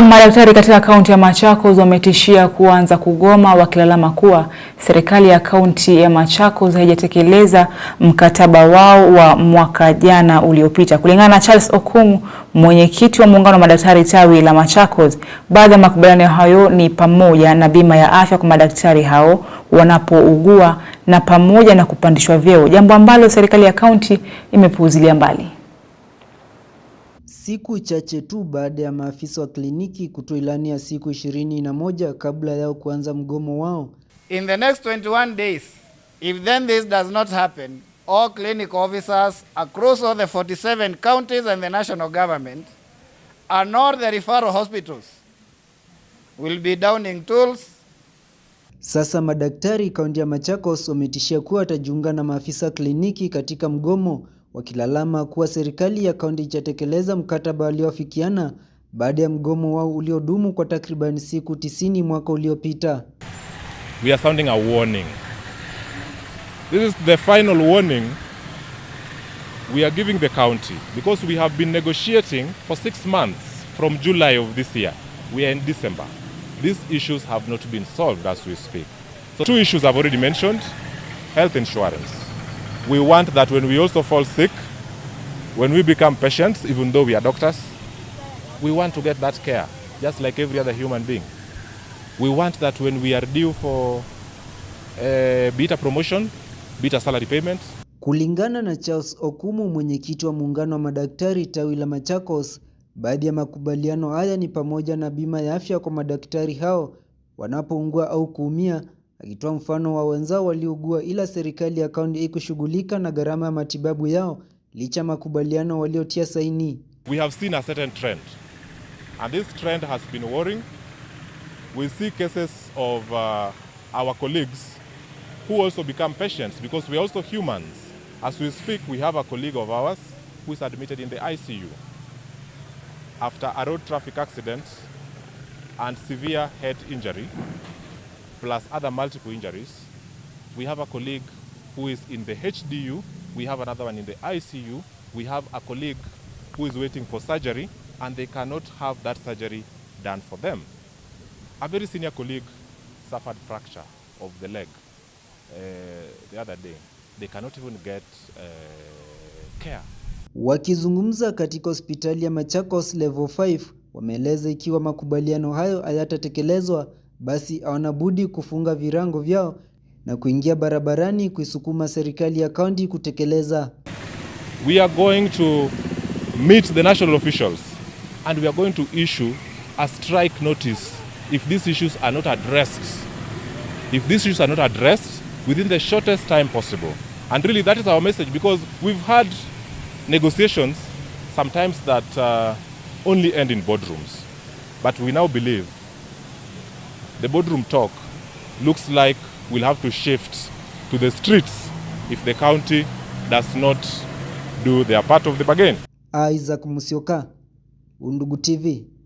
Madaktari katika kaunti ya Machakos wametishia kuanza kugoma wakilalama kuwa serikali ya kaunti ya Machakos haijatekeleza mkataba wao wa mwaka jana uliopita. Kulingana na Charles okung mwenyekiti wa muungano wa madaktari tawi la Machakos, baadhi ya makubaliano hayo ni pamoja na bima ya afya kwa madaktari hao wanapougua na pamoja na kupandishwa vyeo, jambo ambalo serikali ya kaunti imepuuzilia mbali. Siku chache tu baada ya maafisa wa kliniki kutoa ilani ya siku 21 kabla yao kuanza mgomo wao. In the next 21 days, if then this does not happen, all clinic officers across all the 47 counties and the national government and all the referral hospitals will be downing tools. Sasa madaktari kaunti ya Machakos wametishia kuwa watajiunga na maafisa kliniki katika mgomo wakilalama kuwa serikali ya kaunti haijatekeleza mkataba walioafikiana baada ya mgomo wao uliodumu kwa takriban siku tisini mwaka uliopita. We are sounding a warning. This is the final warning we are giving the county because we have been negotiating for six months from July of this year. We are in December. These issues have not been solved as we speak. So two issues I've already mentioned, health insurance we want that when we also fall sick, when we become patients, even though we are doctors, we want to get that care, just like every other human being. We want that when we are due for a eh, better promotion, better salary payment. Kulingana na Charles Okumu, mwenyekiti wa muungano wa madaktari tawi la Machakos, baadhi ya makubaliano haya ni pamoja na bima ya afya kwa madaktari hao wanapoungua au kuumia akitoa mfano wa wenzao waliougua ila serikali ya kaunti haikushughulika na gharama ya matibabu yao licha makubaliano waliotia saini. We have seen a certain trend and this trend has been worrying. We see cases of uh, our colleagues who also become patients because we are also humans. As we speak, we have a colleague of ours who is admitted in the ICU after a road traffic accident and severe head injury plus other multiple injuries. We have a colleague who is in the HDU, we have another one in the ICU, we have a colleague who is waiting for surgery and they cannot have that surgery done for them. A very senior colleague suffered fracture of the leg uh, the other day. They cannot even get uh, care. Wakizungumza katika hospitali ya Machakos level 5 wameeleza ikiwa makubaliano hayo hayatatekelezwa basi hawana budi kufunga virango vyao na kuingia barabarani kuisukuma serikali ya kaunti kutekeleza. We are going to meet the national officials and we are going to issue a strike notice if these issues are not addressed. If these issues are not addressed within the shortest time possible. And really that is our message because we've had negotiations sometimes that uh, only end in boardrooms. But we now believe the boardroom talk looks like we'll have to shift to the streets if the county does not do their part of the bargain. Ah, Isaac Musyoka, Undugu TV.